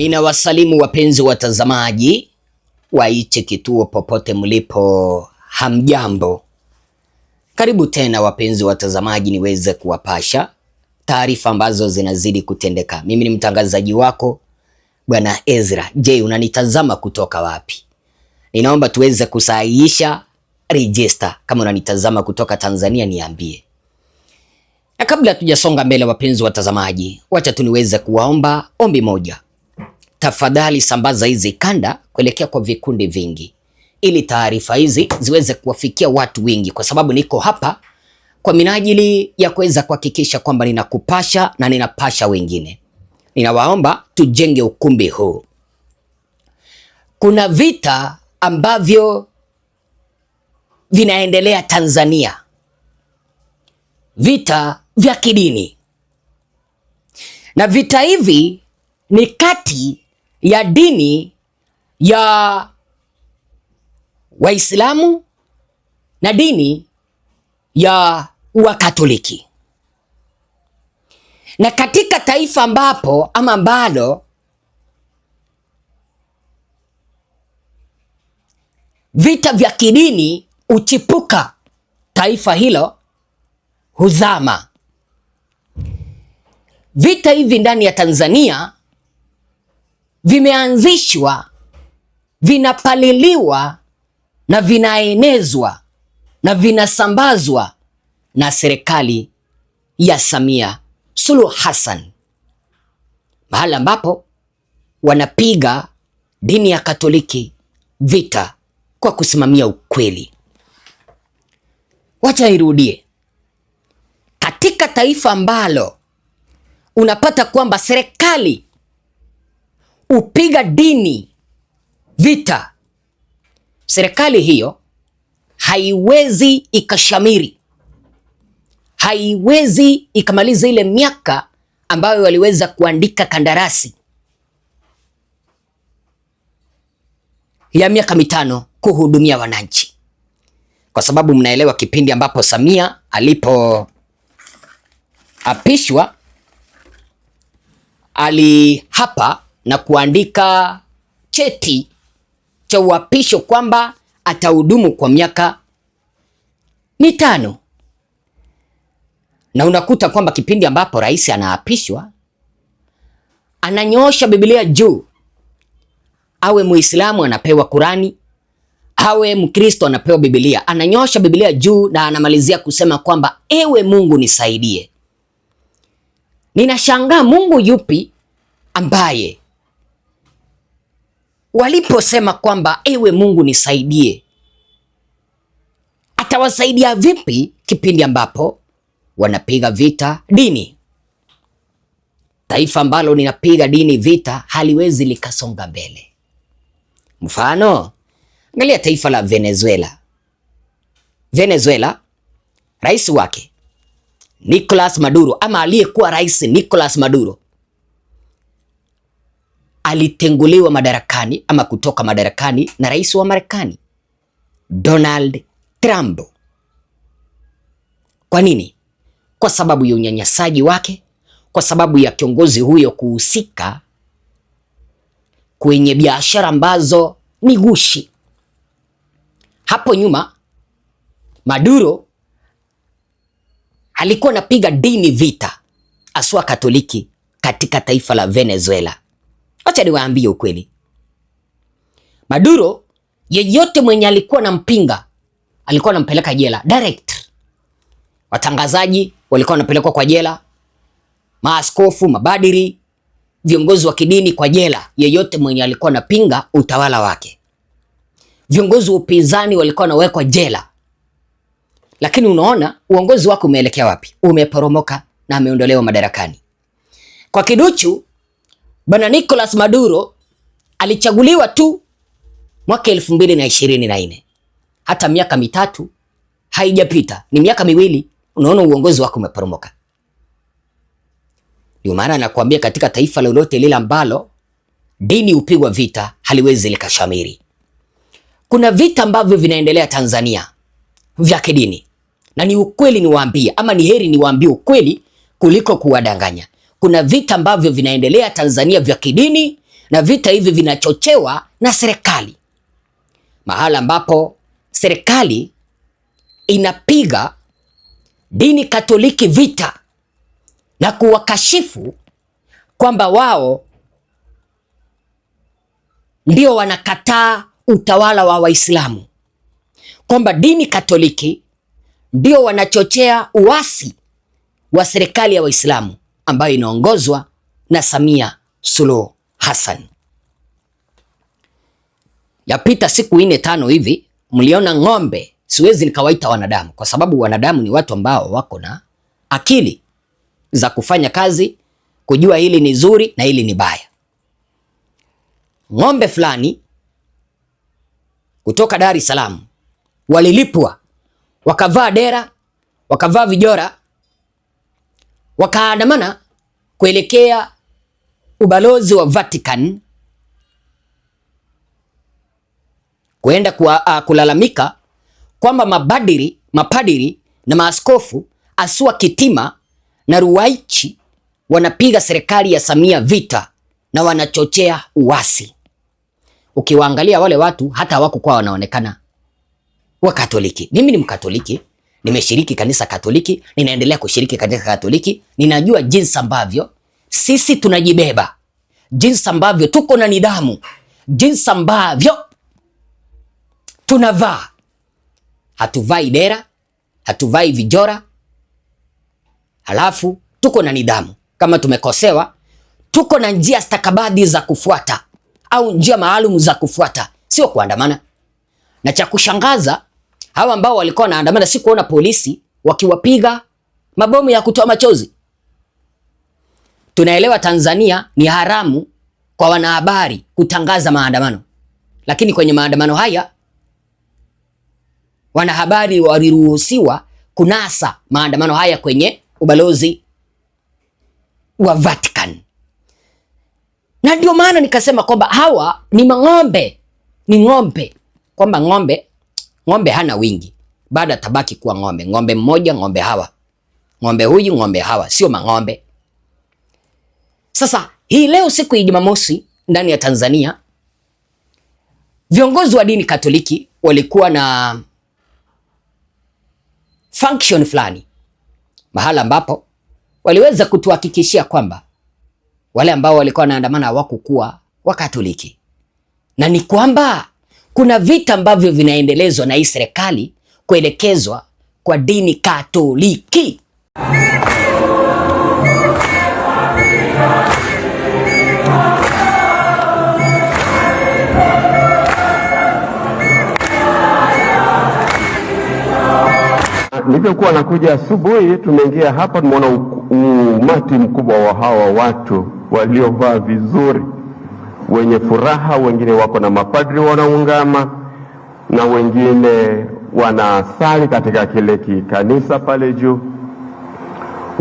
Ninawasalimu wapenzi watazamaji wa kituo popote mlipo, hamjambo? Karibu tena wapenzi watazamaji, niweze kuwapasha taarifa ambazo zinazidi kutendeka. Mimi ni mtangazaji wako Bwana Ezra. Je, unanitazama kutoka wapi? Ninaomba tuweze kusahihisha register. Kama unanitazama kutoka Tanzania niambie. Na kabla tujasonga mbele, wapenzi watazamaji, wacha tuniweze kuwaomba ombi moja tafadhali sambaza hizi kanda kuelekea kwa vikundi vingi, ili taarifa hizi ziweze kuwafikia watu wengi, kwa sababu niko hapa kwa minajili ya kuweza kuhakikisha kwamba ninakupasha na ninapasha wengine. Ninawaomba tujenge ukumbi huu. Kuna vita ambavyo vinaendelea Tanzania, vita vya kidini, na vita hivi ni kati ya dini ya Waislamu na dini ya Wakatoliki. Na katika taifa ambapo ama ambalo vita vya kidini huchipuka, taifa hilo huzama. Vita hivi ndani ya Tanzania vimeanzishwa, vinapaliliwa na vinaenezwa na vinasambazwa na serikali ya Samia Suluhu Hassan, mahala ambapo wanapiga dini ya Katoliki vita kwa kusimamia ukweli. Wacha nirudie, katika taifa ambalo unapata kwamba serikali upiga dini vita, serikali hiyo haiwezi ikashamiri, haiwezi ikamaliza ile miaka ambayo waliweza kuandika kandarasi ya miaka mitano kuhudumia wananchi, kwa sababu mnaelewa kipindi ambapo Samia alipoapishwa hapa na kuandika cheti cha uapisho kwamba atahudumu kwa miaka mitano, na unakuta kwamba kipindi ambapo rais anaapishwa ananyoosha Biblia juu. Awe Muislamu anapewa Kurani, awe Mkristo anapewa Biblia, ananyoosha Biblia juu na anamalizia kusema kwamba ewe Mungu nisaidie. Ninashangaa Mungu yupi ambaye waliposema kwamba ewe Mungu nisaidie, atawasaidia vipi kipindi ambapo wanapiga vita dini? Taifa ambalo linapiga dini vita haliwezi likasonga mbele. Mfano, angalia taifa la Venezuela. Venezuela, rais wake Nicolas Maduro ama aliyekuwa rais Nicolas Maduro alitenguliwa madarakani ama kutoka madarakani na rais wa Marekani Donald Trump. Kwa nini? Kwa sababu ya unyanyasaji wake, kwa sababu ya kiongozi huyo kuhusika kwenye biashara ambazo ni gushi. Hapo nyuma Maduro alikuwa anapiga dini vita, aswa Katoliki katika taifa la Venezuela. Acha niwaambie ukweli, Maduro yeyote mwenye alikuwa na mpinga alikuwa anampeleka jela direct. Watangazaji walikuwa wanapelekwa kwa jela, maaskofu, mabadiri, viongozi wa kidini kwa jela, yeyote mwenye alikuwa anapinga utawala wake. Viongozi wa upinzani walikuwa wanawekwa jela. Lakini unaona uongozi wake umeelekea wapi? Umeporomoka na ameondolewa madarakani kwa kiduchu Bwana Nicolas Maduro alichaguliwa tu mwaka elfu mbili na ishirini na nne. Hata miaka mitatu haijapita, ni miaka miwili, unaona uongozi wake umeporomoka. Ndio maana nakwambia katika taifa lolote lile ambalo dini hupigwa vita haliwezi likashamiri. Kuna vita ambavyo vinaendelea Tanzania vya kidini, na ni ukweli niwaambie, ama ni heri niwaambie ukweli kuliko kuwadanganya kuna vita ambavyo vinaendelea Tanzania vya kidini, na vita hivi vinachochewa na serikali, mahala ambapo serikali inapiga dini Katoliki vita na kuwakashifu kwamba wao ndio wanakataa utawala wa Waislamu, kwamba dini Katoliki ndio wanachochea uasi wa serikali ya Waislamu ambayo inaongozwa na Samia Suluhu Hassan. Yapita siku nne tano hivi mliona ng'ombe, siwezi nikawaita wanadamu kwa sababu wanadamu ni watu ambao wako na akili za kufanya kazi, kujua hili ni zuri na hili ni baya. Ng'ombe fulani kutoka Dar es Salaam walilipwa, wakavaa dera, wakavaa vijora, wakaandamana kuelekea ubalozi wa Vatican kuenda kwa, uh, kulalamika kwamba mabadiri mapadiri na maaskofu Asua Kitima na Ruwaichi wanapiga serikali ya Samia vita na wanachochea uasi. Ukiwaangalia wale watu hata hawakukuwa wanaonekana Wakatoliki. Mimi ni Mkatoliki nimeshiriki kanisa Katoliki, ninaendelea kushiriki kanisa Katoliki. Ninajua jinsi ambavyo sisi tunajibeba, jinsi ambavyo tuko na nidhamu, jinsi ambavyo tunavaa. Hatuvai dera, hatuvai vijora, halafu tuko na nidhamu. Kama tumekosewa, tuko na njia stakabadhi za kufuata au njia maalum za kufuata, sio kuandamana. Na cha kushangaza hawa ambao walikuwa wanaandamana, si kuona polisi wakiwapiga mabomu ya kutoa machozi. Tunaelewa Tanzania ni haramu kwa wanahabari kutangaza maandamano, lakini kwenye maandamano haya wanahabari waliruhusiwa kunasa maandamano haya kwenye ubalozi wa Vatican, na ndio maana nikasema kwamba hawa ni mang'ombe, ni ng'ombe, kwamba ng'ombe Ng'ombe hana wingi, bado atabaki kuwa ng'ombe. Ng'ombe mmoja, ng'ombe hawa, ng'ombe huyu, ng'ombe hawa, sio mang'ombe. Sasa hii leo, siku ya Jumamosi ndani ya Tanzania, viongozi wa dini Katoliki walikuwa na function fulani mahala ambapo waliweza kutuhakikishia kwamba wale ambao walikuwa wanaandamana hawakukuwa Wakatoliki na ni kwamba kuna vita ambavyo vinaendelezwa na hii serikali kuelekezwa kwa dini Katoliki. Nilivyokuwa nakuja asubuhi, tumeingia hapa, tumeona umati mkubwa wa hawa watu waliovaa vizuri wenye furaha, wengine wako na mapadri wanaungama na wengine wanasali katika kile kikanisa pale juu,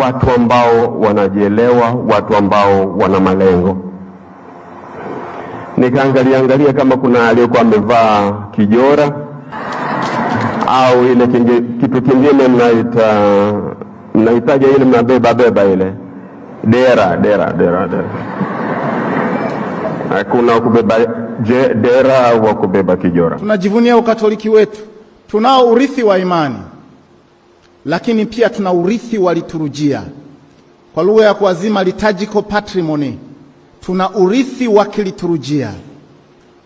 watu ambao wanajielewa, watu ambao wana malengo. Nikaangalia angalia kama kuna aliyokuwa amevaa kijora au ile kingi, kitu kingine mnaita mnahitaja ile mnabeba beba ile dera dera dera dera Hakuna wakubeba dera au wakubeba kijora. Tunajivunia ukatoliki wetu, tunao urithi wa imani, lakini pia tuna urithi wa liturujia, kwa lugha ya kuazima liturgical patrimony. Tuna urithi wa kiliturujia,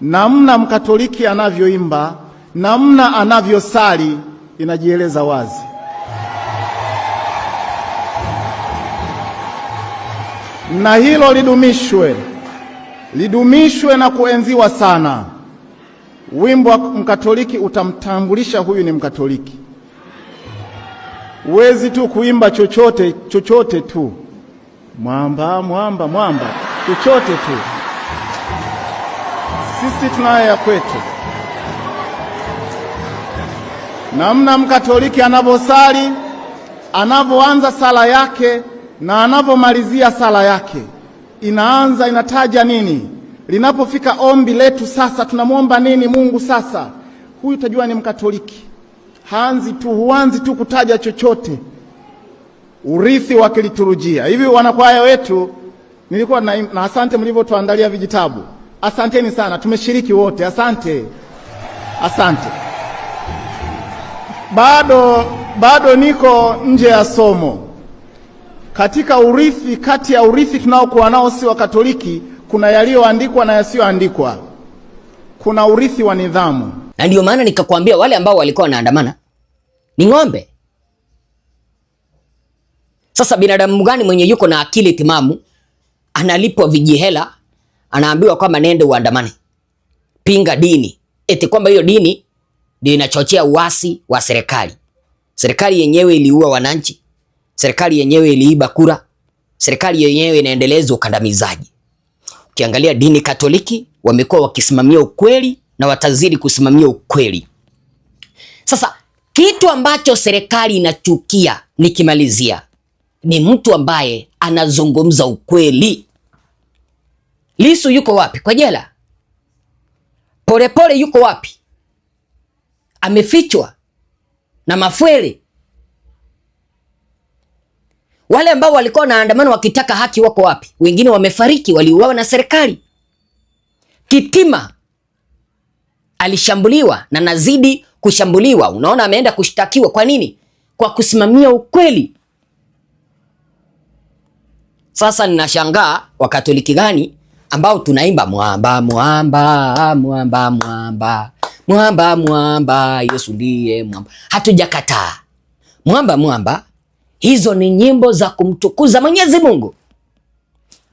namna mkatoliki anavyoimba, namna anavyosali inajieleza wazi. na hilo lidumishwe lidumishwe na kuenziwa sana. Wimbo wa Mkatoliki utamtambulisha huyu ni Mkatoliki. wezi tu kuimba chochote chochote tu, mwamba mwamba mwamba, chochote tu. Sisi tunayo ya kwetu, namna Mkatoliki anavyosali, anavyoanza sala yake na anavyomalizia sala yake inaanza inataja nini? Linapofika ombi letu sasa, tunamwomba nini Mungu? Sasa huyu utajua ni Mkatoliki. Haanzi tu, huanzi tu kutaja chochote, urithi wa kiliturujia. Hivi wanakwaya wetu nilikuwa na, na asante mlivyotuandalia vijitabu, asanteni sana, tumeshiriki wote, asante, asante. Bado bado niko nje ya somo katika urithi, kati ya urithi tunaokuwa nao si wa Katoliki, kuna yaliyoandikwa na yasiyoandikwa, kuna urithi wa nidhamu. Na ndio maana nikakwambia wale ambao walikuwa wanaandamana ni ng'ombe. Sasa binadamu gani mwenye yuko na akili timamu analipwa vijihela, anaambiwa kwamba nende uandamane, pinga dini, eti kwamba hiyo dini ndio inachochea uasi wa serikali? Serikali yenyewe iliua wananchi Serikali yenyewe iliiba kura, serikali yenyewe inaendeleza ukandamizaji. Ukiangalia dini Katoliki wamekuwa wakisimamia ukweli na watazidi kusimamia ukweli. Sasa kitu ambacho serikali inachukia, nikimalizia, ni mtu ambaye anazungumza ukweli. Lisu yuko wapi? Kwa jela. Polepole yuko wapi? Amefichwa na mafweli wale ambao walikuwa wanaandamana wakitaka haki wako wapi? Wengine wamefariki, waliuawa na serikali. Kitima alishambuliwa na nazidi kushambuliwa. Unaona, ameenda kushtakiwa. Kwa nini? Kwa kusimamia ukweli. Sasa ninashangaa wakatoliki gani ambao tunaimba mwamba mwamba mwamba mwamba mwamba mwamba Yesu ndiye mwamba. Hatujakataa mwamba mwamba hizo ni nyimbo za kumtukuza Mwenyezi Mungu.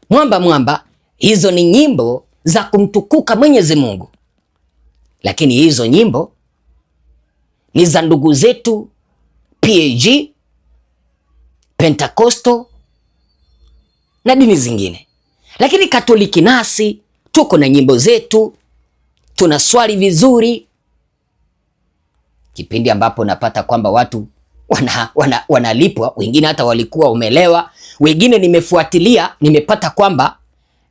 Mwamba mwamba, hizo ni nyimbo za kumtukuka Mwenyezi Mungu, lakini hizo nyimbo ni za ndugu zetu PAG, Pentakosto na dini zingine, lakini Katoliki nasi tuko na nyimbo zetu, tunaswali vizuri, kipindi ambapo napata kwamba watu wana, wana, wanalipwa, wengine hata walikuwa umelewa wengine nimefuatilia, nimepata kwamba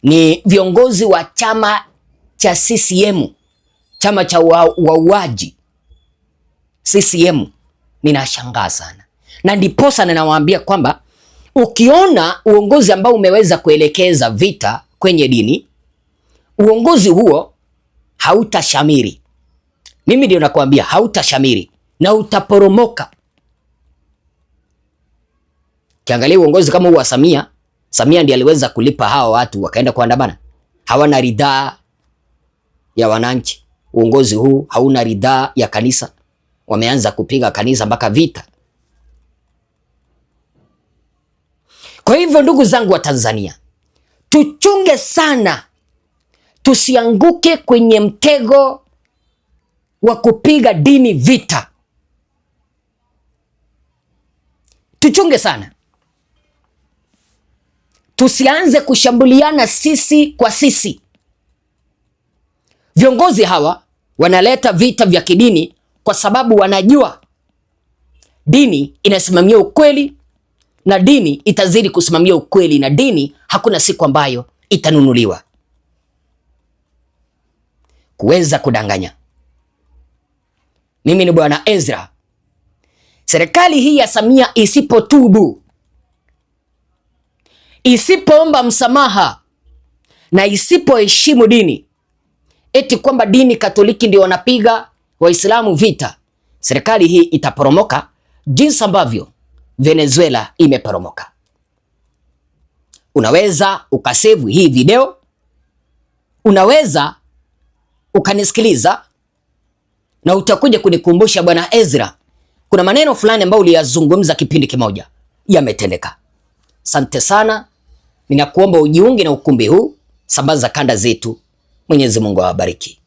ni viongozi wa chama cha CCM, chama cha wauaji CCM. Ninashangaa sana, na ndiposa ninawaambia kwamba ukiona uongozi ambao umeweza kuelekeza vita kwenye dini, uongozi huo hautashamiri. Mimi ndio nakwambia hautashamiri na utaporomoka. Kiangalia uongozi kama huu wa Samia, Samia ndiye aliweza kulipa hawa watu wakaenda kuandamana. Hawana ridhaa ya wananchi. Uongozi huu hauna ridhaa ya kanisa. Wameanza kupiga kanisa mpaka vita. Kwa hivyo ndugu zangu wa Tanzania, tuchunge sana tusianguke kwenye mtego wa kupiga dini vita. Tuchunge sana tusianze kushambuliana sisi kwa sisi. Viongozi hawa wanaleta vita vya kidini kwa sababu wanajua dini inasimamia ukweli na dini itazidi kusimamia ukweli, na dini hakuna siku ambayo itanunuliwa. Kuweza kudanganya. Mimi ni Bwana Ezra. Serikali hii ya Samia isipotubu isipoomba msamaha na isipoheshimu dini, eti kwamba dini Katoliki ndio wanapiga Waislamu vita, serikali hii itaporomoka jinsi ambavyo Venezuela imeporomoka. Unaweza ukasevu hii video, unaweza ukanisikiliza na utakuja kunikumbusha, bwana Ezra, kuna maneno fulani ambayo uliyazungumza kipindi kimoja yametendeka. Sante sana. Ninakuomba ujiunge na ukumbi huu, sambaza kanda zetu. Mwenyezi Mungu awabariki.